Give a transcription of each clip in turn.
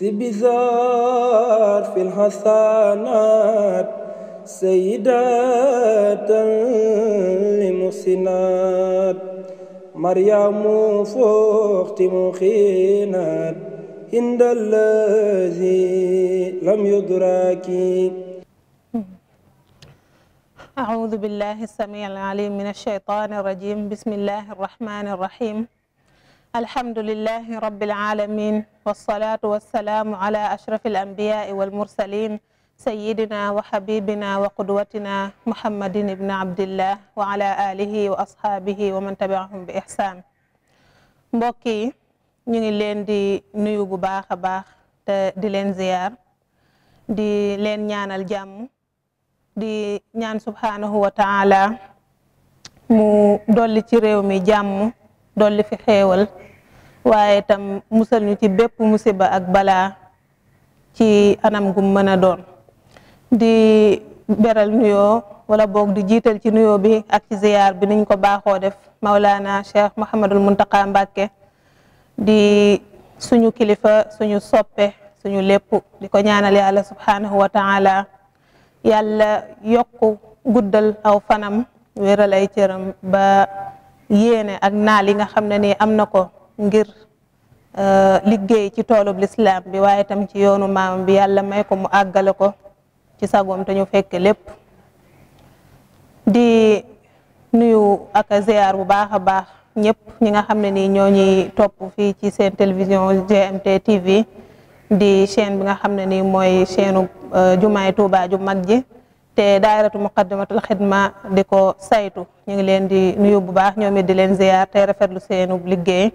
تبذار في الحسنات سيدات لمحسنات مريم فوخت مخينات عند الذي لم يدرك أعوذ بالله السميع العليم من الشيطان الرجيم بسم الله الرحمن الرحيم alhamdulilahi rabbil alamin wasalaatu wasalaamu ala ashrafi alambiyaai walmursalin sayidina wa xabibina wa qudwatina muhammadin ibni abdillah wa ala alihi wa ashaabihi wa man tabiahum bi ihsaan mbokk yi ñu ngi leen di nuyu bu baax a baax te di leen ziyaar di leen ñaanal jàmm di ñaan subhaanahu wa taala mu dolli ci réew mi jàmm dolli fi xéewal waaye tam musal ñu ci bépp musiba ak balaa ci anam gum mën a doon di beral nuyoo wala boog di jiital ci nuyo bi ak ci ziyaar bi niñ ko baaxoo def Maulana Cheikh Mouhamadul Muntaqa Mbàkke di suñu kilifa suñu soppe suñu lépp di ko ñaanal yàlla subhanahu wa taala yàlla yokku guddal aw fanam wéeral ay cëram ba yéene ak naal yi nga xam ne nii am na ko ngir euh, liggéey ci toolub lislaam bi waaye tam ci yoonu maam bi yàlla may ko mu àggale ko ci sagoom te ñu fekk lépp di nuyu ak ziar bu baax a baax ñëpp ñi nga xam ne nii ñoo ñuy topp fii ci seen télévision GMT TV di chaîne bi nga xam ne nii mooy chaîne euh, jumaay Tuubaa ju mag ji te daairatu muqaddamatul xidma di ko saytu ñu ngi leen di nuyu bu baax ñoom di leen ziar tey rafetlu seenu liggéey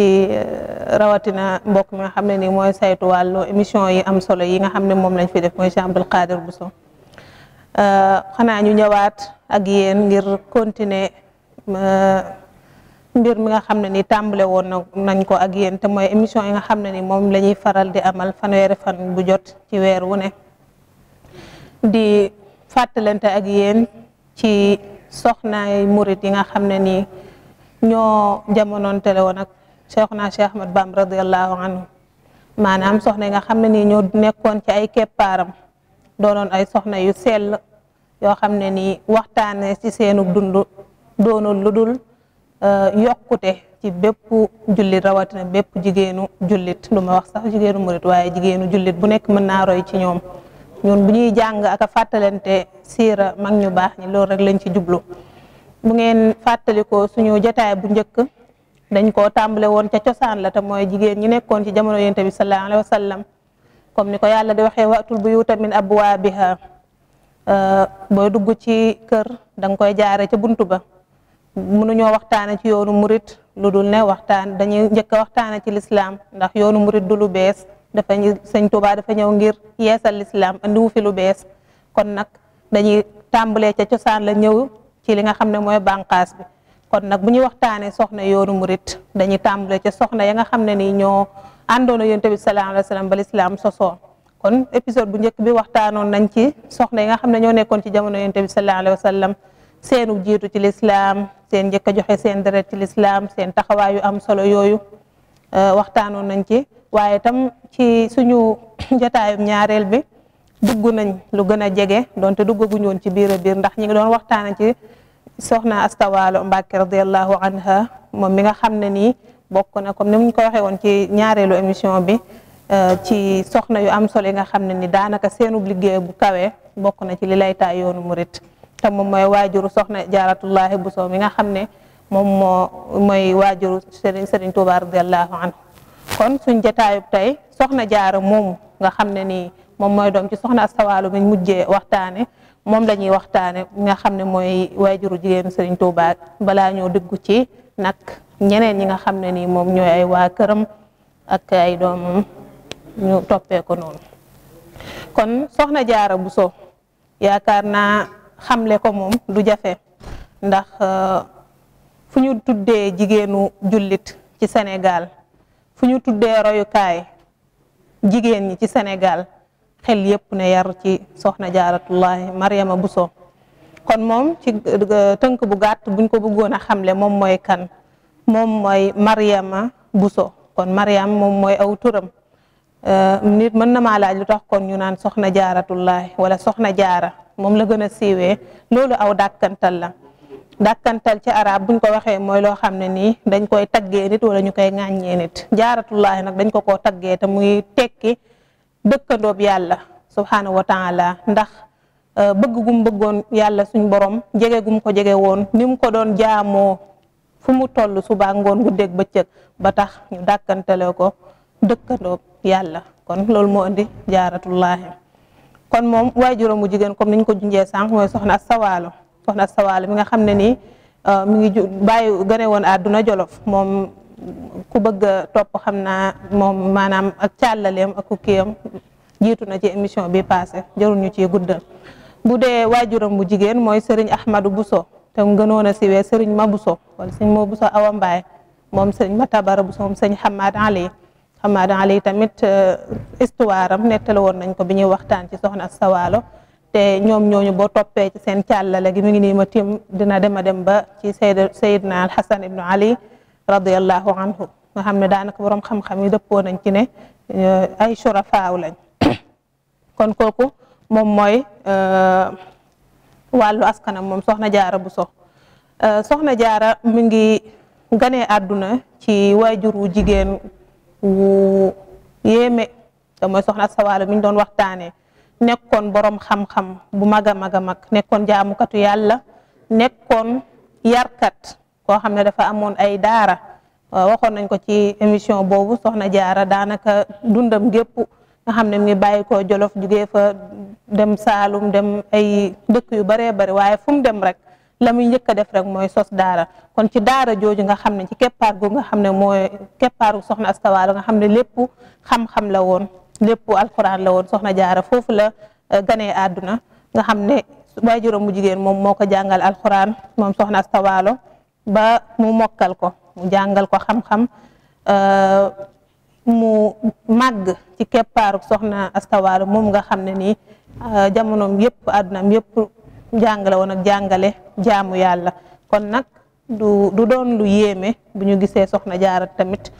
Euh, rawatina mbokk mi nga xam ne ni mooy saytu wàllu émission yi am solo yi nga xam ne moom lañ fi def mooy Cheikh Abdoul Qadir Bousso euh, xanaa ñu ñëwaat ak yéen ngir continé euh, mbir mi nga xam ne ni tàmbale woon nañ ko ak yéen te mooy émission yi nga xam ne ni moom la ñuy faral di amal fanweeri fan bu jot ci weer wu ne di fàttalante ak yéen ci soxnaay murit yi nga xam ne nii ñoo jamonoon tele woon Cheikhuna Cheikh Ahmad Bamba radiyallahu anhu maanaam soxna yi nga xam ne nii ñoo nekkoon ci ay keppaaram doonoon ay soxna yu sell yoo xam ne nii waxtaane ci seenu dund doonul lu dul euh, yokkute ci bépp jullit rawatina bépp jigéenu jullit lu ma wax sax jigéenu murit waaye jigéenu jullit bu nekk mën naa roy ci ñoom ñun bu ñuy jàng ak a fàttalante siira mag ñu baax ñi loolu rek lañ ci jublu bu ngeen fàttalikoo suñu jotaay bu njëkk dañ koo tàmbale woon ca cosaan la te mooy jigéen ñi nekkoon ci jamono yonent bi sallallahu alayhi wa sallam comme ni ko yàlla di waxee waatul buyuuta min abwaabiha booy dugg ci kër da nga koy jaare ca buntu ba mënuñoo waxtaane ci yoonu murit lu dul ne waxtaan dañuy njëkk a waxtaane ci lislaam ndax yoonu murit du lu bees dafa sëñ Tuubaa dafa ñëw ngir yeesal lislaam andiwu fi lu bees kon nag dañuy tàmbalee ca cosaan la ñëw ci li nga xam ne mooy bànqaas bi kon nag bu ñu waxtaanee soxna yoonu murit dañuy tàmbale ca soxna ya nga xam ne nii ñoo àndoona yonent bi salaam alayhi wa sallam ba lislaam sosoo kon épisode bu njëkk bi waxtaanoon nañ ci soxna yi nga xam ne ñoo nekkoon ci jamono yonent bi sallallahu alayhi wa sallam seenu jiitu ci lislaam seen njëkk a joxe seen deret ci lislaam seen taxawaayu am solo yooyu euh, waxtaanoon nañ ci waaye tam ci suñu jotaayum ñaareel bi dugg nañ lu gën a jege donte duggaguñu woon ci biir a ndax ñi ngi doon waxtaana ci soxna astawaalo Mbàkke radiallahu anha moom mi nga xam ne nii bokk na comme ni muñ ko waxee woon ci ñaareelu émission bi euh, ci soxna yu am solo yi nga xam ne ni daanaka seenub liggéey bu kawee bokk na ci li lay taa yoonu murit te moom mooy waajuru soxna jaaratullahi Buso mi nga xam ne moom moo mooy waajuru Serigne Serigne Touba radiallahu anhu kon suñ jataayub tey soxna jaaro moomu nga xam ne ni moom mooy doom ci soxna astawaalo miñ mujjee waxtaane moom la waxtaane waxtaane nga xam ne mooy waajuru jigéenu Serigne Touba balaa ñoo dugg ci nag ñeneen ñi nga xam ne nii moom ñooy ay waa këram ak ay doomam ñu toppeeku ko noonu kon soxna Jaara Buso yaakaar naa xamle ko moom du jafe ndax euh, fu ñu tuddee jigéenu jullit ci Sénégal fu ñu tuddee royukaay jigéen ñi ci Sénégal xel yëpp ne yar ci soxna jaaratullahi Mariama Bousso kon moom ci euh, tënk bu gàtt buñ ko bëggoon a xamle moom mooy kan moom mooy Mariama Bousso kon Mariam moom mooy aw turam euh, nit mën na maa laaj lu tax kon ñu naan soxna jaaratullahi wala soxna jaara moom la gën a siiwee loolu aw dàkkantal la dàkkantal ci araab buñ ko waxee mooy loo xam ne nii dañ koy taggee nit wala ñu koy ŋàññee nit jaaratullahi dañ ko koo muy tekki dëkkandoob yàlla subhaanahu wa taala ndax euh, bëgg gum bëggoon yàlla suñ borom jege gum ko jege woon ni mu ko doon jaamoo fu mu toll suba ngoon guddeeg bëccëg ba tax ñu dàkkantale ko dëkkandoob yàlla kon loolu moo indi jaaratullaahi kon moom waajuram bu jigéen comme niñ ko junjee sànq mooy soxna Sawaalo soxna Sawaalo mi nga xam ne nii euh, mi ngi ju bàyyi gane woon àdduna Jolof moom ku bëgg topp xam naa moom maanaam ak càllaleem ak ku jiitu na ci émission bi passé jaruñu ci guddal bu dee waajuram bu jigéen mooy Serigne Ahmadou Bousso te gënoon a siwee Serigne Ma Bousso wala Serigne Mo Bousso Awa Mbaye moom Serigne Matabara Bousso moom Serigne Hamad Ali Hamad Ali tamit euh, histoire am nettali woon nañ ko bi ñuy waxtaan ci soxna sawalo te ñoom ñooñu boo toppee ci seen càllale gi mi ngi nii ma tim dina dem a dem ba ci Seydina Al Hassan Ibnu Ali radiallahu anhu nga xam ne daanaka borom xam-xam yi dëppoo nañ ci ne eh, ay surafaaw lañ kon kooku moom mooy eh, wàllu askanam moom soxna jaara bu so eh, soxna jaara mi ngi ganee àdduna ci waajur wu jigéen wu yéeme te mooy soxna sawaalo mi ñu doon waxtaanee nekkoon borom xam-xam bu mag a mag a mag nekkoon jaamukatu yàlla nekkoon yarkat koo xam ne dafa amoon ay daara waxoon nañ ko ci émission boobu soxna jaara daanaka dundam gépp nga xam ne mi ngi jolof jugee fa dem saalum dem ay dëkk yu baree bari waaye fu mu dem rek la muy njëkk def rek mooy sos daara kon ci daara jooju nga xam ne ci keppaar gu nga xam ne mooy keppaaru soxna astawaalo nga xam ne lépp xam la woon lépp alquran la woon soxna jaara foofu la eh, ganee àdduna nga xam ne waajuram mu jigéen moom moo ko jàngal alquran moom soxna astawaalo ba mu mokkal ko mu jàngal ko xam-xam euh, mu màgg ci keppaaru soxna astawaalo moom nga xam ne nii euh, jamono yëpp àddunaam yëpp jàngale woon ak jàngale jaamu yàlla kon nag du du doon lu yéeme bu ñu gisee soxna jaara tamit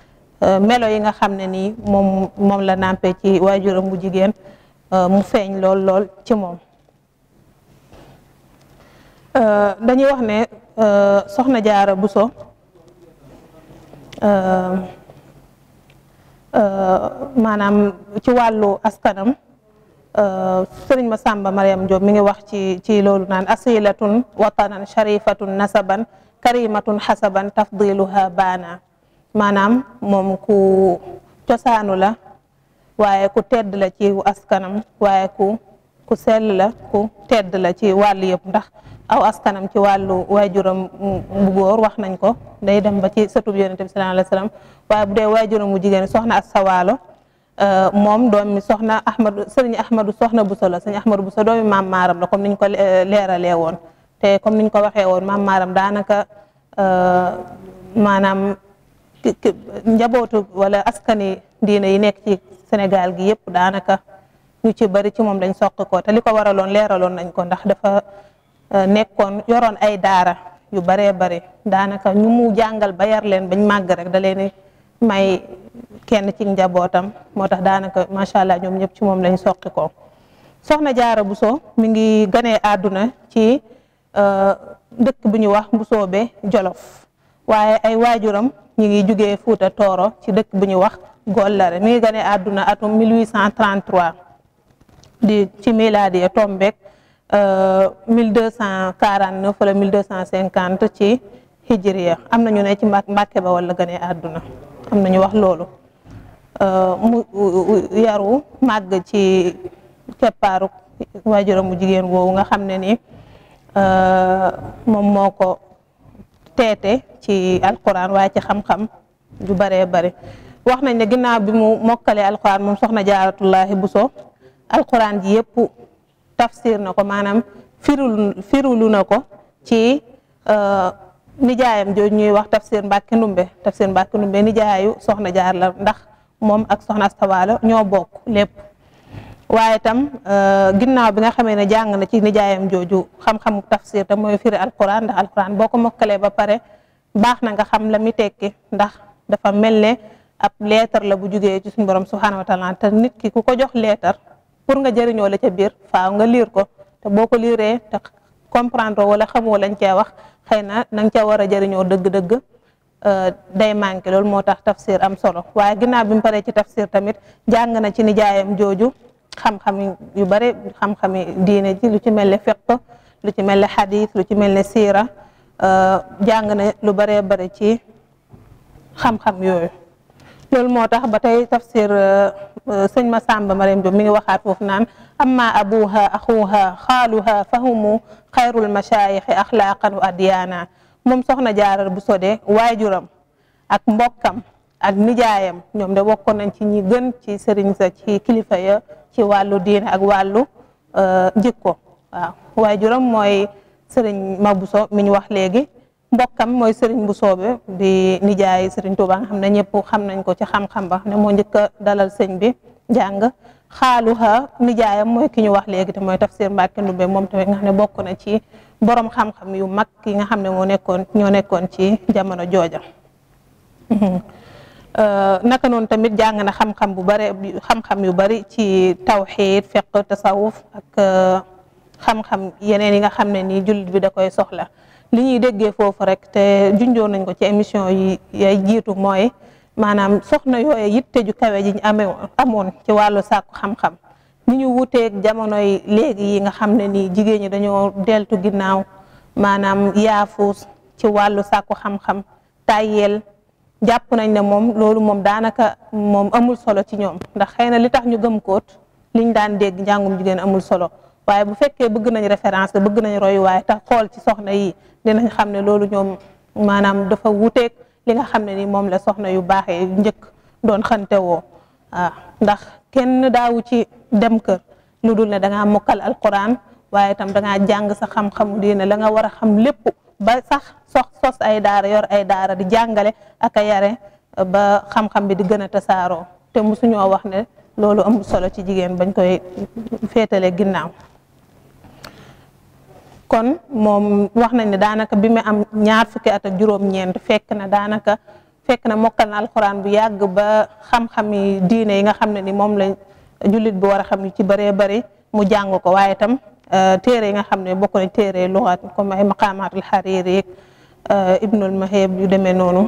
euh, melo yi nga xam ne nii moom moom la nàmpe ci waajuram bu jigéen mu feeñ lool lool ci moom Euh, dañuy wax ne euh, soxna Jaara Buso euh, maanaam ci wàllu askanam sëriñ ma sàmba mariam Diop mi ngi wax ci ci loolu naan asilatun watanan sharifatun nasaban karimatun xasaban tafdiluha baana maanaam moom ku cosaanu la waaye ku tedd la ci askanam waaye ku ku sell la ku tedd la ci wàll yëpp ndax aw askanam ci wàllu waajuram bu góor wax nañ ko day dem ba ci sëtub yonente bi sallallahu alayhi wasallam waaye bu waajuram mu jigéen soxna as sawaalo euh, moom doom mi soxna ahmadu sëriñ ahmadu soxna buso la sëriñ ahmadu buso doomi maam maaram la comme niñ ko euh, leeralee woon te comme niñ ko waxee woon maam maaram daanaka euh, maanaam njabootu wala askani diine yi nekk ci Sénégal gi yëpp daanaka ñu ci bari ci moom lañ soqi te li ko waraloon leeraloon nañ ko ndax dafa Euh, nekkoon yoroon ay daara yu baree bare daanaka ñu mu jàngal ba yar leen bañ màgg rek da leen may kenn ci njabootam moo tax daanaka macha allah ñoom ñëpp ci moom lañ soqi ko soxna jaara Buso mi ngi ganee àdduna ci euh, dëkk bu ñu wax Mbusoobe Jolof waaye ay waajuram ñi ngi jugee Fuuta Tooro ci dëkk bu ñu wax Gollare mi ngi ganee àdduna atum 1833 di ci milaadi ya tombeek Euh, mille deux cent quarante neuf wala mille deux cent cinquante ci hijriya am na ñu ne ci Mbàkke ba wala gane àdduna am na ñu wax loolu euh, mu yaru màgg ci keppaaru waajuram mu jigéen woowu nga xam ne ni euh, moom moo ko teete ci alquran waaye ci xam ju baree bari wax nañ ne ginnaaw bi mu mokkalee alquran moom soxna jaaratullahi bu so alquran ji yëpp tafsir na ko maanaam firul firulu na ko ci uh, nijaayam jooj ñuy wax tafsir Mbàkke Ndumbe tafsir Mbàkke Ndumbe nijaayu soxna jaar la ndax moom ak soxna Astawaalo ñoo bokk lépp waaye tam uh, ginnaaw bi nga xamee ne jàng na ci nijaayam jooju xam-xamu tafsir te mooy firi alquran ndax alquran boo ko mokkalee ba pare baax na nga xam la mi tekki ndax dafa mel ne ab leetar la bu jugee ci suñu borom subhaanahu nit ki ko jox leetar pour nga jëriñoo la ca biir faaw nga liir ko te boo ko liiree te comprendre wala xamoo lañ cee wax xëy na na nga caa war a jëriñoo dëgg-dëgg euh, day manqué loolu moo tax tafsir am solo waaye ginnaaw bi mu paree ci tafsir tamit jàng na ci nijaayam jooju xam-xam yu bare xam-xami diine ji lu ci mel ne fiqh lu ci mel ne xadis lu ci mel ne siira euh, jàng na lu baree bare ci xam-xam yooyu loolu moo tax ba tey tafsir euh, euh, sëñ Masamba Mariam Diop mi ngi waxaat foofu naan amma abuha axuha xaaluha fahumu xeerul machaayixi axlaaqan wa adyaana moom soxna jaarar bu sodee waajuram ak mbokkam ak nijaayam ñoom de bokkoon nañ ci ñi gën ci sëriñ sa ci kilifa ya ci wàllu diine ak wàllu euh, jikko waaw waajuram mooy sëriñ Mabuso mi ñu wax léegi mbokkam mooy Serigne bu soobe di nijaay Serigne Touba nga xam ne ñëpp xam nañ ko ci xam-xam ba ne moo njëkk a dalal sëñ bi xaalu xaaluha nijaayam mooy ki ñu wax léegi te mooy tafsir Mbàkke Ndumbe moom tamit nga xam ne bokk na ci borom xam-xam yu mag yi nga xam ne moo nekkoon ñoo nekkoon ci jamono jooja euh, naka noonu tamit jàng na xam bu bare xam-xam yu bari ci tawxiid fiq tasawuf ak euh, xam-xam yeneen yi nga xam ne nii julit bi da koy soxla li ñuy déggee foofu rek te junjoon nañ ko ci émission yi yay jiitu mooy maanaam soxna yooye yitte ju kawe ji ñu amee amoon ci wàllu sàkku xam-xam ni ñu wuteeg jamonoy léegi yi nga xam ne nii jigéen ñi dañoo deltu ginnaaw maanaam yaafuus ci wàllu sàkku xam-xam jàpp nañ ne moom loolu moom daanaka moom amul solo ci ñoom ndax xëy na li tax ñu gëm koot liñ daan dégg njàngum jigéen amul solo waaye bu fekkee bëgg nañ référence bëgg nañ royuwaay tax xool ci soxna yi dinañ xam ne loolu ñoom maanaam dafa wuteeg li nga xam ne ni moom la soxna yu baaxee njëkk doon xante woo waaw ah, ndax kenn daawu ci dem kër lu dul ne da nga dangaa mokkal alquran waaye itam dangaa jàng sax xam-xamu diine la nga war a xam lépp ba sax sox sos ay daara yor ay daara di jàngale ak yare ba xam-xam bi di gën a tasaaroo te musuñoo wax ne loolu amul solo ci jigéen bañ koy féetale ginnaaw kon moom wax nañ ne daanaka bi mu am ñaar fukki at ak juróom-ñeent fekk na daanaka fekk na mokkal na alxuraan bu yàgg ba xam-xami diine yi nga xam ne ni moom la julit bi war a xam yu ci bëree bari mu jàng ko waaye itam euh, téere yi nga xam ne bokk na téere luxaat comme ay maqaamaatul xariiri euh, ibnul mahib yu demee noonu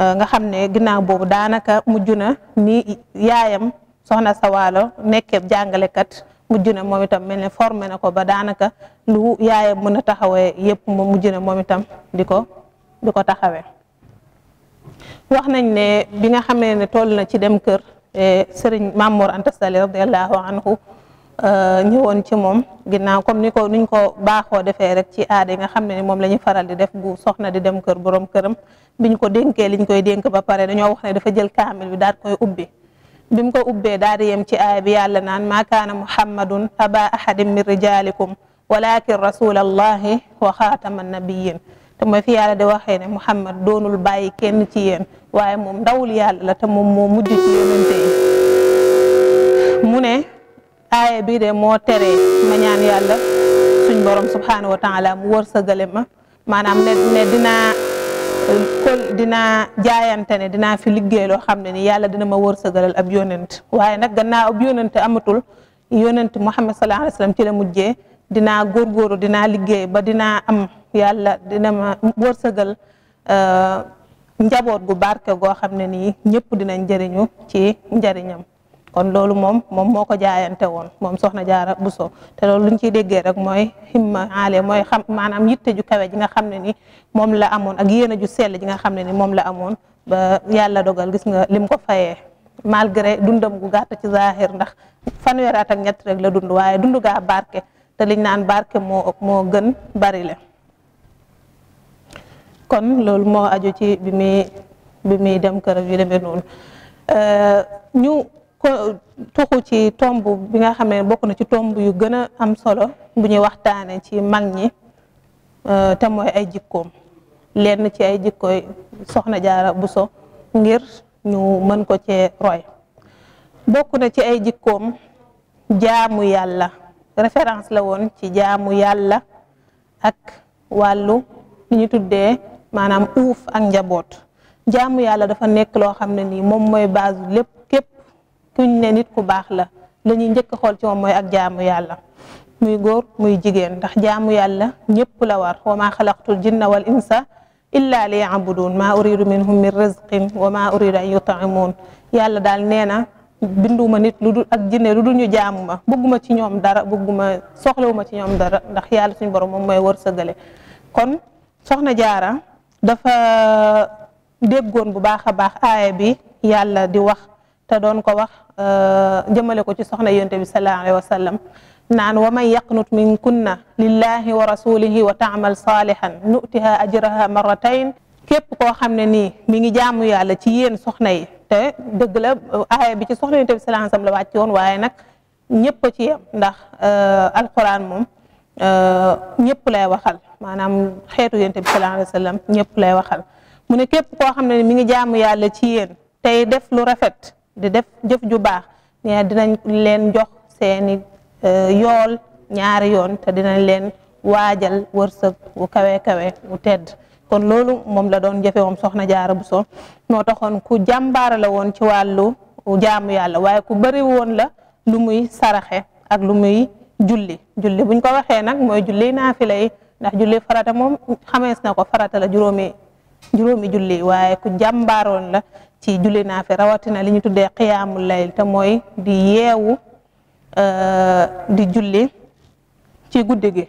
euh, nga xam ne ginnaaw boobu daanaka mujj na ni yaayam soxna Sawaalo nekkee jàngalekat mujj na moom itam mel ne formé na ko ba daanaka lu yaayam mën a taxawee yëpp mu mujj moom itam di ko di ko taxawee. wax nañ ne bi nga xamee ne toll na ci dem kër e Serigne Mamour Anta Sali radiyallahu anhu e, ñëwoon ci moom ginnaaw comme ni ko niñ ko baaxoo defee rek ci aada yi nga xam ne moom la ñuy faral di def bu soxna di dem kër borom këram biñ ko dénkee liñ koy dénk ba pare dañoo wax dafa jël kaamil bi daal koy ubbi. bi mu ko ubbee daal di yem ci bi yàlla naan maa kaana muhammadun aba ahadin min rijalikum walakin rasulallahi wa xaatama nabiyin te mooy fi yàlla di waxee ne muhammad doonul bàyyi kenn ci yéen waaye moom ndawul yàlla la te moom moo mujj ci ne aaya bi de moo tere ma ñaan yàlla suñ borom subhanahu wa taala mu ma maanaam ne ne dinaa kon dinaa jaayante ne dinaa fi liggéey loo xam ne ni yàlla dina ma wërsëgalal ab yonent waaye nag gannaaw ab yonent amatul yonent Muhammad sallallahu alayhi wasallam ci la mujjee dinaa góorgóoru dinaa liggéey ba dinaa am yàlla dina ma wërsëgal euh, njaboot gu barke goo xam ne nii ñëpp dinañ jëriñu ci njariñam kon loolu moom moom moo ko jaayante woon moom soxna jaara Buso te loolu luñ ciy déggee rek mooy himma aale mooy xam maanaam yitte ju kawe ji nga xam ne ni moom la amoon ak yéene ju sell ji nga xam ne ni moom la amoon yàlla dogal gis nga lim ko fayee malgré dundam gu gàtt ci zahir ndax fanweer at ak ñett rek la dund waaye dund gaa barke te liñ naan barke moo ëpp moo gën bari la kon loolu moo aju ci bi muy bi muy dem kër yi demee ñu tuxu ci tomb bi nga xamee ne bokk na ci tomb yu gën a am solo bu ñuy waxtaane ci mag ñi euh, te mooy ay jikkoom lenn ci ay jikkooy soxna jaara buso ngir ñu mën ko cee roy bokk na ci ay jikkoom jaamu yàlla référence la woon ci jaamu yàlla ak wàllu li ñu tuddee maanaam uuf ak njaboot jaamu yàlla dafa nekk loo xam ne nii moom mooy base lépp kuñ ne nit ku baax la la ñuy njëkk a xool ci moom mooy ak jaamu yàlla muy góor muy jigéen ndax jaamu yàlla ñëpp la war wa maa xalaqtul jinna wal insa illa li yabudun maa uridu minhum min rizqin wa maa uridu an yutaimuun yàlla daal nee na binduma nit lu dul ak jinne lu dul ñu jaamu ma bëgguma ci ñoom dara bëgguma soxlawuma ci ñoom dara ndax yàlla suñu boro moom mooy wërsëgale kon soxna jaara dafa déggoon bu baax a baax aaya bi yàlla di wax te doon ko wax Euh, jëmale ko ci soxna yonte bi sallallahu alayhi wa sallam naan wa man yaqnut min kunna lillahi wa rasulihi wa taamal salihan nutiha ajraha marratain képp koo xam ne nii mi ngi jaamu yàlla ci yéen soxna yi te dëgg la bi ci soxna yonte bi sallallahu alayhi wa sallam la wàcc woon waaye nag ñëpp a ci yem ndax euh, alquran moom euh, ñëpp lay waxal maanaam xeetu yonte bi sallallahu ñëpp lay waxal mu ne képp koo xam ne mi ngi jaamu yàlla ci yéen tey def lu rafet di def jëf ju baax nee dinañ leen jox seeni euh, yool ñaari yoon te dinañ leen waajal wërsëg wu kawe kawe wu tedd kon loolu moom la doon jëfe moom soxna Jaara Buso moo taxoon ku jàmbaara la woon ci wàllu jaamu yàlla waaye ku bëri woon la lu muy saraxe ak lu muy julli julli buñ ko waxee nag mooy julli naafila yi ndax julli farata moom xamees na ko farata la juróomi juróomi julli waaye ku jàmbaaroon la ci julli naafi rawatina li ñu tuddee qiyaamul layl te mooy di yeewu euh, di julli ci guddi gi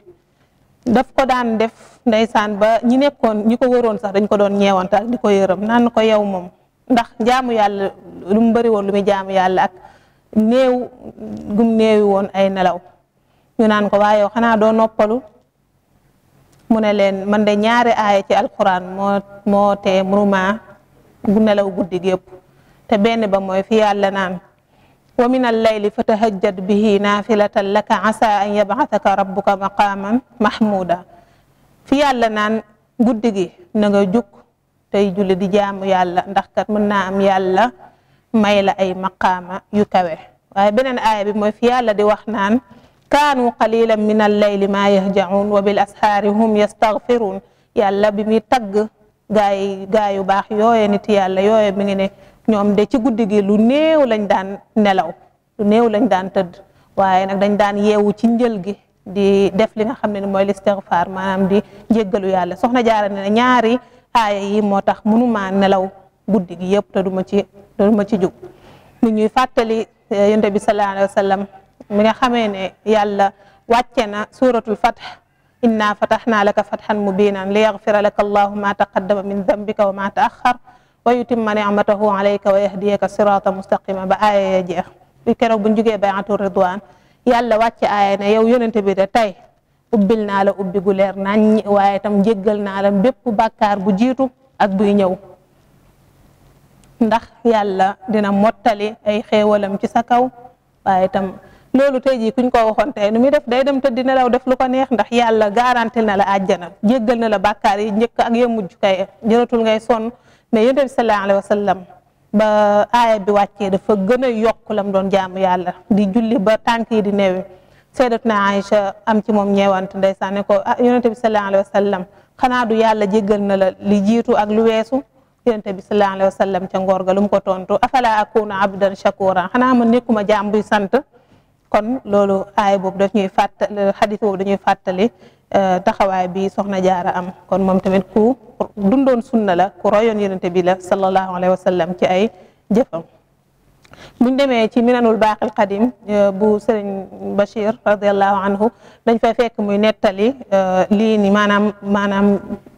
daf ko daan def ndeysaan ba ñi nekkoon ñi ko wëroon sax dañ ko doon ñeewantal di ko yërëm naan ko yow moom ndax jaamu yàlla lu mu bëri woon lu muy yàlla ak néew gum néewi woon ay nelaw ñu naan ko waaye yow xanaa doo noppalu mu ne leen man de ñaari aaya ci alquran moo moo tee bu nelaw guddi gépp te benn ba mooy fi yàlla naan wa min alleyli fa tahajjad bihi naafilatan laka asa an yab'athaka rabbuka maqaaman mahmuuda fi yàlla naan guddi gi na nga jug julli di jaamu yàlla ndax kat mën na am yàlla may la ay maqaama yu kawe waaye beneen aaya bi mooy fi yàlla di wax naan kaanu qalilan min alleyli maa yahjaun wa bil ashaari hum yastaghfiruun yàlla bi muy tagg gaa yi yu baax yooye nit yàlla yooye mi ngi ne ñoom de ci guddi gi lu néew lañ daan nelaw lu néew lañ daan tëdd waaye nag dañ daan yeewu ci njël gi di def li nga xam ne ni mooy listixfaar maanaam di njéggalu yàlla soxna jaara ne ñaari aaya yi moo tax mënuma nelaw guddig gi yëpp te duma ci te ci jug mu ñuy fàttali eh, yonent bi sallallahu alayhi wa sallam mi nga xamee ne yàlla wàcce na suratul fat inna fatahna laka fathan mubinan li yaghfira laka allahu ma taqaddama min dambika wa ma taaxar wa yutimma ni'matahu alayka wa yahdiyaka sirata mustaqima ba aaya ya jeex bi keroog buñ ridwan yàlla wàcce aaya ne yow yonente bi la ubbi gu leer nañ waaye tam jéggal naa la bépp bàkkaar bu jiitu ak buy ñëw ndax yàlla dina mottali ay xéewalam ci sa kaw waaye loolu tey jii kuñ ko waxoon tey nu muy def day dem tëdd nelaw def lu ko neex ndax yàlla garantil na la àjjana jéggal na la bàkkaar yi njëkk ak ya mujj kay jëratul ngay sonn ne yonent bi sallallahu alayhi wa sallam ba aaya bi wàccee dafa gën a yokk doon jaamu yàlla di julli ba tànk yi di neewi sayyidatuna Aïcha am ci moom ñeewant ndeysaan ko ah yonent bi sallallahu alayhi xanaa du yàlla jéggal na la li jiitu ak lu weesu yonent bi sallallahu alayhi wa sallam ca ngoor ga lu mu ko tontu afala akuna abdan shakura xanaa ma nekkuma jaam buy sant kon loolu aay boobu daf ñuy fàttali dañuy fàttali eh, taxawaay bi soxna jaara am kon moom tamit ku dundoon sunna la ku royoon yonente bi la sallallahu alayhi wa sallam ci ay jëfam buñ demee ci minanul baaxil qadim eh, bu sëriñ Bachir radiallahu anhu dañ fay fekk muy nettali eh, lii ni maanaam maanaam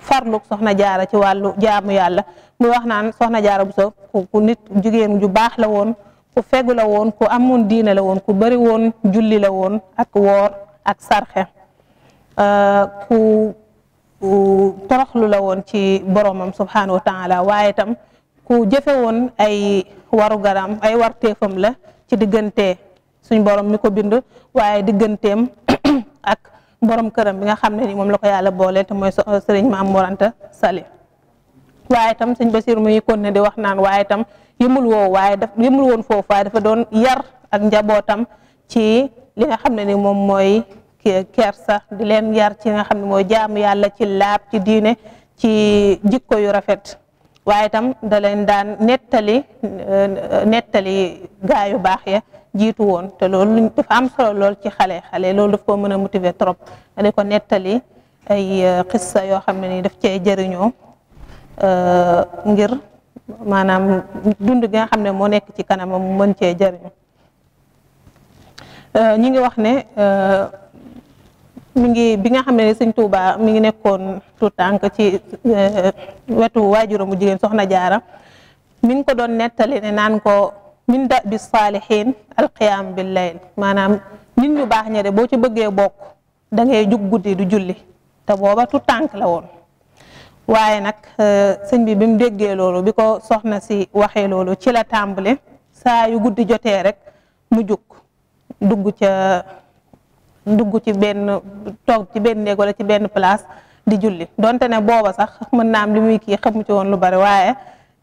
farluk soxna jaara ci wàllu jaamu yàlla muy wax naan soxna jaara bu so ku nit jigéen ju baax la woon ku fegu la woon ku amoon diine la woon ku bari woon julli la woon ak woor ak sarxe euh, ku toroxlu la woon ci boromam subhanahu wa taala waaye tam ku jëfe woon ay waru garam ay warteefam la ci diggante suñ borom mi ko bind waaye digganteem ak borom këram bi nga xam ne ni moom la yàlla boole te mooy sëriñ Maam Mor Anta Sali waaye tam sëñ Basiir muy kon ne di wax naan waaye tam yëmul woo waaye daf yëmul woon foofu waaye dafa doon yar ak njabootam ci li nga xam ne ni moom mooy kersa sax leen yar ci nga xam ne mooy jaamu yàlla ci laab ci diine ci jikko yu rafet waaye tam da leen daan nettali euh, nettali gaayu baax ya jiitu woon te loolu dafa am solo lool ci xale xale lool daf ko mën a motiver trop da ko nettali ay euh, xissa yoo xam ne ni daf cee jëriñoo euh, ngir maanaam dund gi xam ne moo nekk ci kanamam mu mën cee jëriñu euh, ñi ngi wax ne euh, mi ngi bi nga xam ne sëñ Touba mi ngi nekkoon tu tànk ci euh, wetu waajuram bu jigéen soxna jaara mi ngi ko doon nettali ne naan ko min da bi saalihin alqiyaam bil layl maanaam nit ñu baax ñe de boo ci bëggee bokk da ngay jug guddi du julli te booba tout tànk la woon waaye nag euh, sëñ bi bi mu déggee loolu bi ko soxna si waxee loolu ci la tàmbale saa yu guddi jotee rek mu jug dugg ca dugg ci benn toog ci benn néeg wala ci benn place di julli donte ne booba sax mën naa am li muy kii xamu ci woon lu bari waaye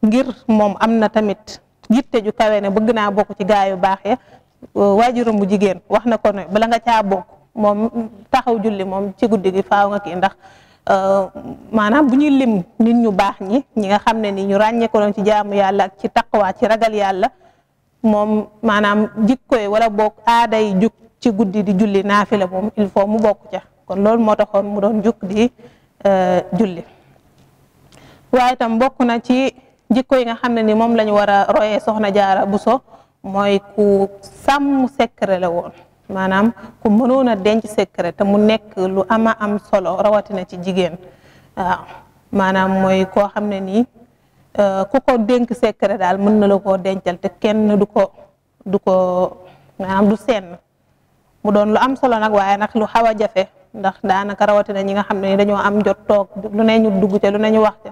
ngir moom am na tamit yitte ju kawe ne bëgg naa bokk ci gaa yu baax ya waajuram bu jigéen wax na ko bala nga caa bokk moom taxaw julli moom ci guddi faw faaw nga kii ndax Euh, maanaam bu ñuy lim nit ñu baax ñi ñi nga xam ne ni ñu ràññeeku ci jaamu yàlla ci taqwa ci ragal yàlla moom maanaam jikkoy wala bokk aaday jug ci guddi di julli naafila moom il faut mu bokk ca kon loolu moo taxoon mu doon jug di euh, julli waaye tam bokk na ci jikko yi nga xam ne ni moom la ñu war a royee soxna jaara buso mooy ku sàmm secret la woon maanaam ku mënoon a denc secret te nekk lu ama am solo rawatina ci jigéen waaw maanaam mooy koo xam ne nii euh, ku ko dénk secret daal mën na la koo dencal te kenn du ko du ko maanaam du senn mu doon lu am solo nag waaye nag lu xaw a jafe ndax daanaka rawatina ñi nga xam ne dañoo am jot toog lu ne ñu dugg ca lu ne ñu wax ca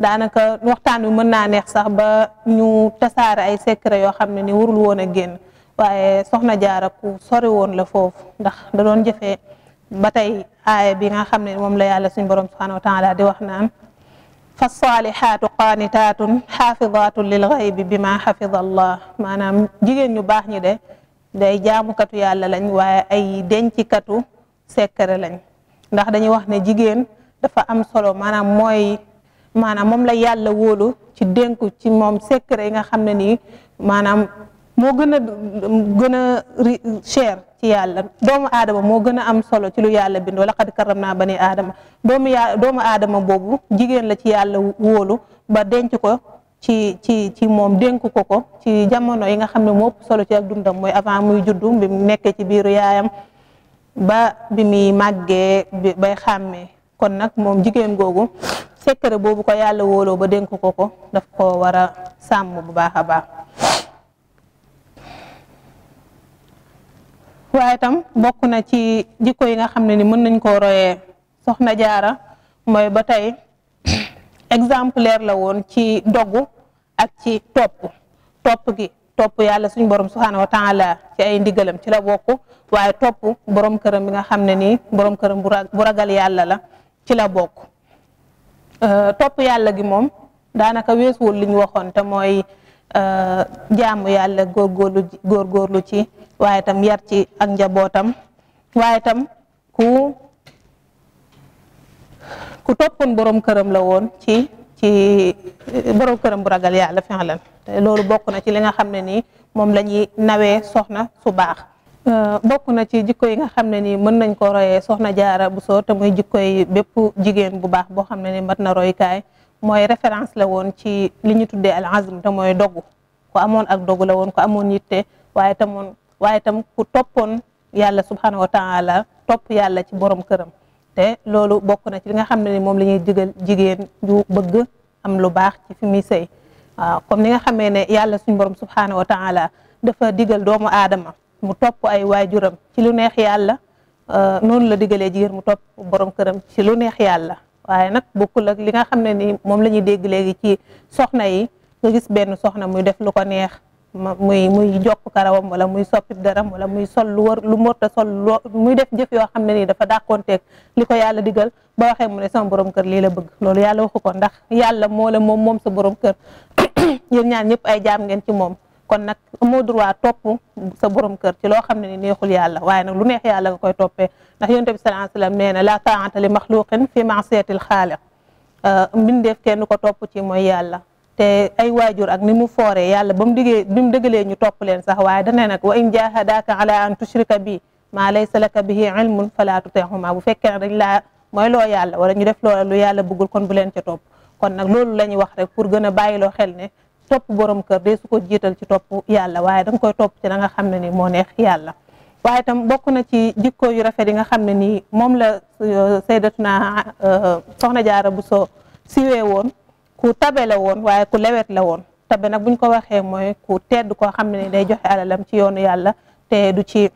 daanaka waxtaan wi mën naa neex sax ba ñu tasaare ay secret yoo xam ne ni warul woon a génn waaye soxna jaara ku sori woon la foofu ndax da doon jëfee ba tey aaya bi nga xam ne moom la yàlla suñ borom subhanahu wa taala di wax naan fa saalihaatu qaanitaatun xaafidaatun lil xaybi bima xafida allah maanaam jigéen ñu baax ñi de day jaamukatu yàlla lañ waaye ay dencikatu sekkare lañ ndax dañuy wax ne jigéen dafa am solo maanaam mooy maanaam moom la yàlla wóolu ci dénku ci moom sekkare yi nga xam ne nii maanaam moo gën a gën a cher ci yàlla doomu aadama moo gën a am solo ci lu yàlla bindoo laqad karam naa bani aadama doomu yaa doomu aadama boobu jigéen la ci yàlla wóolu ba denc ko ci ci ci moom dénk ko ko ci jamono yi nga xam ne moo solo ci ak dundam mooy avant muy juddu bi mu nekkee ci biiru yaayam ba bi muy màggee bay xàmmee kon nag moom jigéen googu secret boobu ko yàlla wóoloo ba dénk ko ko daf ko war a sàmm bu baax a baax waaye itam bokk na ci jikko yi nga xam ne ni mën nañ koo royee soxna jaara mooy ba tey exemplaire la woon ci doggu ak ci topp topp gi topp yàlla suñ borom subhaanahu wa taala ci ay ndigalam ci la bokk waaye topp borom këram bi nga xam ne ni borom këram bu ragal yàlla la ci la bokk euh, topp yàlla gi moom daanaka weesuwul li ñu waxoon ta mooy euh, jaamu yàlla góorgóorlu góorgóorlu ci waaye tam yar ci ak njabootam waaye tam ku ku toppoon borom këram la woon ci ci borom këram bu ragal yàlla fenlan te loolu bokk na ci li nga xam ne nii moom la ñuy nawee soxna su baax euh, bokk na ci jikko yi nga xam ne ni mën nañ ko royee soxna jaara bu soo te muy jikko bépp jigéen bu baax boo xam ne ni mat na roykaay mooy référence la woon ci li ñu tuddee al te mooy dogu ku amoon ak dogu la woon ku amoon yitte waaye tamoon waaye tam ku toppoon yàlla subhanahu wa taala topp yàlla ci borom këram te loolu bokk na ci li nga xam ne ni moom la ñuy digal jigéen ju bëgg am lu baax ci fi muy sëy waaw comme ni nga xamee ne yàlla suñ borom subhanahu wa taala dafa digal doomu aadama mu topp ay waajuram ci lu neex yàlla euh, noonu la digalee jigéen mu topp borom këram ci lu neex yàlla waaye nag bokkul ak li nga xam ne ni moom la ñuy dégg léegi ci soxna yi nga gis benn soxna muy def lu ko neex muy muy jokk karawam wala muy soppit daram wala muy sol lu war lu morta sol loo muy def jëf yoo xam ne ni dafa dàqoonteeg li ko yàlla digal ba waxee mu ne sama borom kër lii la bëgg loolu yàlla waxu ko ndax yàlla moo la moom moom sa borom kër yéen ñaan ñëpp ay jaam ngeen ci moom kon nag moo droit topp sa borom kër ci loo xam ne ni neexul yàlla waaye nag lu neex yàlla nga koy toppee ndax yonent bi sallallahu alayhi wasallam na la taa'ata li maxluqin fi ma'siyatil xaaliq euh, mbindeef kenn ko topp ci mooy yàlla te ay waajur ak ni mu fooree yàlla ba mu digee bi mu dëgalee ñu topp leen sax waaye dane nag wa in jahadaka ala an tushrika bi maa laysa laka bihi ilmun fala tutihuma bu fekkee ne dañ laa mooy loo yàlla wala ñu def loola lu yàlla bëggul kon bu leen ca topp kon nag loolu la ñuy wax rek pour gën a bàyyiloo xel ne topp borom kër dee su ko jiital ci topp yàlla waaye da koy topp ci la nga xam ne ni moo neex yàlla waaye itam bokk na ci jikko yu rafet yi nga xam ne nii moom la euh, saydatuna euh, soxna jaara bu soo siwee woon ku tabe la woon waaye ku lewet la woon tabe nag buñ ko waxee mooy ku tedd koo xam ne day joxe alalam ci yoonu yàlla te du ci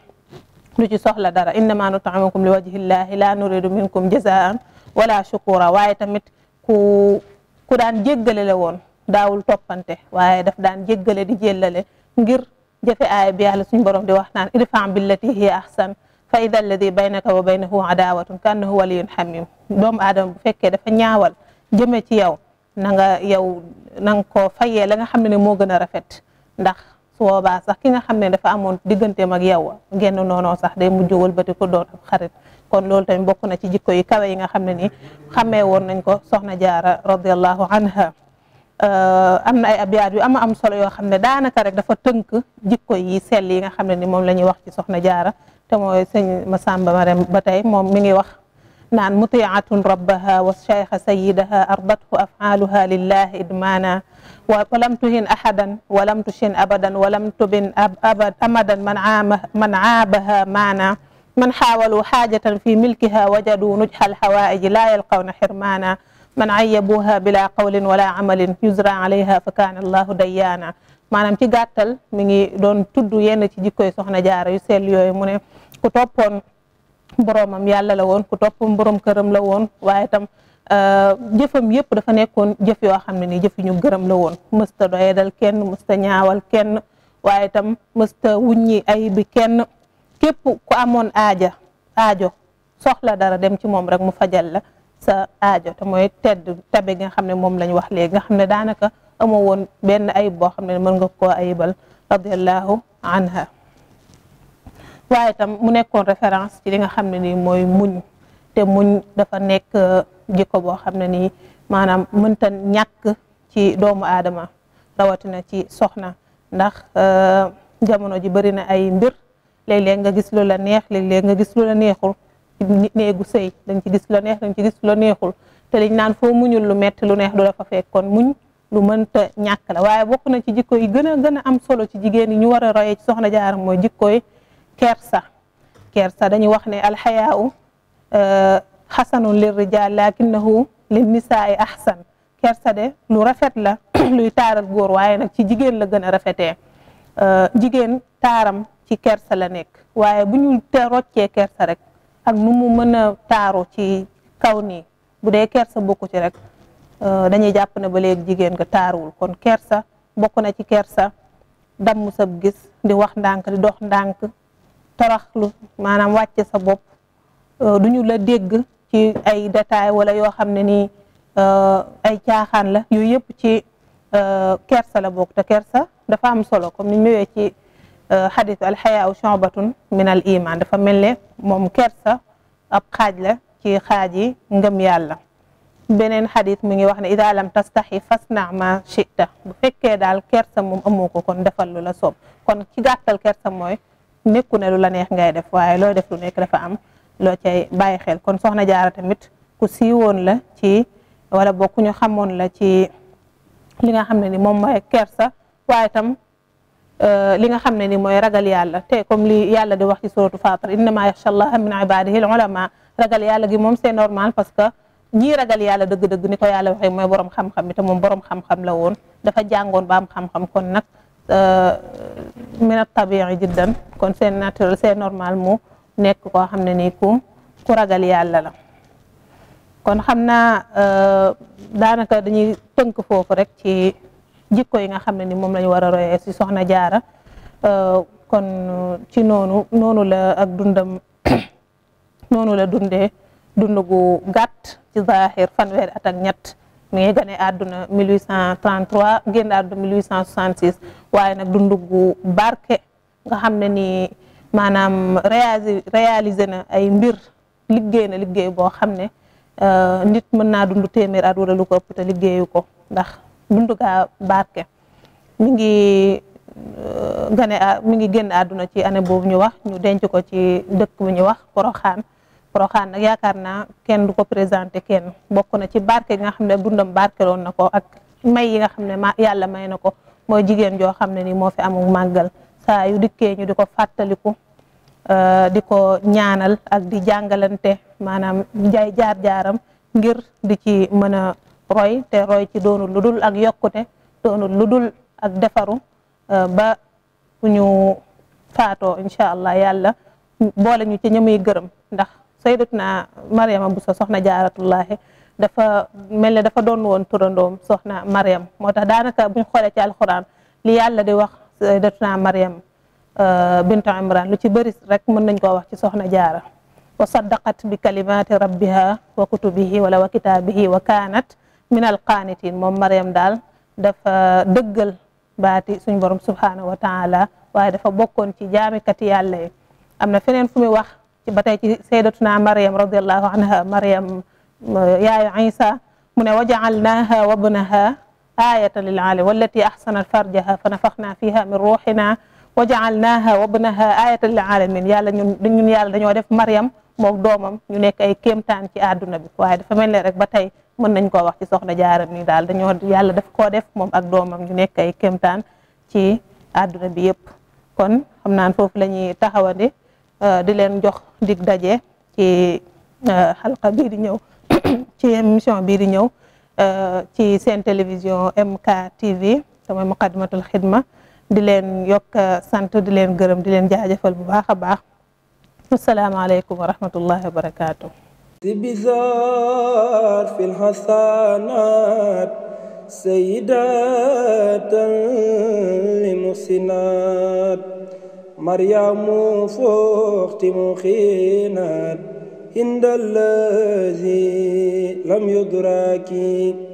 du ci soxla dara innama nut'imukum li wajhillahi la nuridu minkum jazaan wala shukura waaye tamit ku ku daan jéggale la woon daawul toppante waaye daf daan jéggale di jéllale ngir jëfe aaya bi yàlla suñ borom di wax naan idfa' billati hiya ahsan fa ida alladi baynaka wa baynahu adawatun ka annahu waliyyun hamim doomu aadama bu fekkee dafa ñaawal jëme ci yow na nga yow na nga koo fayee la nga xam ne ne moo gën a rafet ndax su boobaa sax ki nga xam ne dafa amoon digganteem ak yow genn noonoo sax day mujj wëlbati ko doon ab xarit kon loolu tamit bokk na ci jikko yi kawe yi nga xam ne ni xamee woon nañ ko soxna jaara radiallahu anha euh, am na ay abiyaat yu ama am solo yoo xam ne daanaka rek dafa tënk jikko yi sell yi nga xam ne ni moom la ñuy wax ci soxna jaara te mooy sëñ Masamba Marème ba tey moom mi ngi wax naan mutiatun rabbaha wa shaykha sayidaha ardathu afaaluha lillahi idmaana wa lam tuhin ahadan wa lam tushin abadan wa lam tubin abad amadan man aama man aabaha maana man xaawalu xaajatan fi milkiha wajadu nujhal xawaaiji laa yalqawna xirmaana man ayabuha bila qawlin wala amalin yuzra alayha fa kaana allahu dayyaana maanaam ci gàttal mi ngi doon tudd yenn ci jikkoy soxna jaara yu sell yooyu mu ne ku toppoon boroomam yàlla la woon ku topp borom këram la woon waaye tam euh, jëfam yëpp dafa nekkoon jëf yoo xam ne ni jëf ñu gërëm la woon mësta doyedal kenn mësta ñaawal kenn waaye tam mësta wuññi ay bi kenn képp ku amoon aaja aajo soxla dara dem ci moom rek mu fajal la sa aajo te mooy tedd tabe nga xam ne moom lañ wax léegi nga xam ne daanaka amoo woon benn ayib boo xam ne mën nga ko ayibal radiallahu anha waaye itam mu nekkoon référence ci li nga xam ne nii mooy muñ te muñ dafa nekk uh, jikko boo xam ne nii maanaam mënta ñàkk ci doomu aadama rawatina ci soxna ndax uh, jamono ji bëri na ay mbir léeg-léeg nga gis lu la neex léeg-léeg nga gis lu neexul néegu sëy dañ ci gis lu la neex dañ ci gis lu la neexul te liñ naan foo muñul lu metti lu neex du la fa kon muñ lu mënta ñàkk la waaye bokk na ci jikko yi gën a gën a am solo ci jigéen yi ñu war a royee ci soxna jaaram mooy jikko yi kersa kersa dañuy wax ne alxayaau euh, xasanun lir rijal lakinnahu lin nisaai ahsan kersa de lu rafet la luy taaral góor waaye nag ci jigéen la gën a rafetee euh, jigéen taaram ci kersa la nekk waaye bu ñu te roccee kersa rek ak nu mu mën a taaru ci kaw ni bu dee kersa bokku ci rek euh, dañuy jàpp ne ba léegi jigéen nga taaruwul kon kersa bokk na ci kersa damm sab gis di wax ndànk di dox ndànk taraxlu maanaam wàcce sa bopp euh, du ñu la dégg ci ay détails wala yoo xam ne nii euh, ay caaxaan la yooyu yëpp ci euh, kersa la bokk te kersa dafa am solo comme ni ñu ñëwee ci xadis alxayaau shubatun min al iman dafa mel ne moom kersa ab xaaj la ci xaaj yi ngëm yàlla beneen xadit mi ngi wax ne ida lam tastaxi fasna ma chita bu fekkee daal kersa moom amoo ko kon defal lu la soob kon ci gàttal kersa mooy nekku ne lu la neex ngay def waaye looy def lu nekk dafa am loo cay bàyyi xel kon soxna jaara tamit ku siiwoon la ci wala bokku ñu xamoon la ci li nga xam ne ni moom mooy kersa waaye tam euh, li nga xam ne ni mooy ragal yàlla te comme li yàlla di wax ci suratu fatir innama yaxsha allaha min ibadihi al ulama ragal yàlla gi moom c'est normal parce que ñii ragal yàlla dëgg-dëgg ni ko yàlla waxee mooy borom xam-xam bi moom borom xam-xam la woon dafa jàngoon ba am xam-xam kon nag Euh, min at-tabi'i jiddan kon seen naturel seen normal mu nekk koo xam ne ni ku ku ragal yàlla la kon xam naa euh, daanaka dañuy tënk foofu rek ci jikko yi nga xam ne ni moom lañu war a royee si soxna jaara euh, kon ci noonu noonu la ak dundam noonu la dundee dund gu ci zaahir fanweeri at ak ñett mi ngi gane àdduna 1833 génn àdduna 1866 waaye nag dundu gu barke nga xam ne ni maanaam réalisé na ay mbir liggéey na liggéey boo xam ne euh, nit mën naa dund téeméer at wala lu ko ëpp te liggéeyu ko ndax dundu gaa barke mi ngi euh, gane mi ngi génn àdduna ci année boobu ñu wax ñu denc ko ci dëkk bu ñu wax Poroxaan Poroxaan nag yaakaar naa kenn du ko présenté kenn bokk na ci barke yi nga xam ne dundam barkeloon na ko ak may yi nga xam ne ma yàlla may na ko mooy jigéen joo xam ne ni moo fi amul màggal saa yu dikkee ñu di ko fàttaliku euh, di ko ñaanal ak di jàngalante maanaam jaay jaar-jaaram ngir di ci mën a roy te roy ci doonu lu dul ak yokkute doonul lu dul ak defaru euh, ba ñu faatoo incha allah yàlla boole ñu ci ñamuy gërëm ndax sayyidatuna Mariama Bousso soxna jaaratullahi dafa mel ne dafa doon woon turandoom soxna Mariam moo tax daanaka buñ xoolee ci alxuraan li yàlla di wax sayyidatuna Mariam euh, bintu Imran lu ci bëri rek mën nañ koo wax ci soxna jaara wa saddaqat bi kalimati rabbiha wa kutubihi wala wa kitaabihi wa kaanat min alqaanitin moom Mariam daal dafa dëggal baati suñ borom subhanahu wa taala waaye dafa bokkoon ci jaamikati yàlla yi am na feneen fu muy wax ba tey ci sayyidatuna Maryam radiyallahu anha Maryam yaayu Isa mu ne wa ja'alnaha wa ibnaha ayatan lil alamin wallati ahsanat farjaha fa nafaxna fiha min ruuxina wa ja'alnaha wa ibnaha ayatan lil alamin yàlla ñun yàlla dañoo def Maryam mook doomam ñu nekk ay kéemtaan ci àdduna bi waaye dafa mel ne rek ba tey mën nañ koo wax ci soxna jaaram nii daal dañoo yàlla daf koo def moom ak doomam ñu nekk ay kéemtaan ci àdduna bi yëpp kon xam naan foofu la ñuy Euh, di leen jox dig daje ci euh, xalqa bii di ñëw ci émission bii di ñëw euh, ci seen télévision MK TV sama muqaddimatul xidma di leen yokk sant di leen gërëm di leen jaajëfal bu baax a baax asalaamaaleykum wa rahmatullahi wa barakaatu بزار في الحسنات سيدات لمحسنات مريم فاختم خينات عند الذي لم يدرك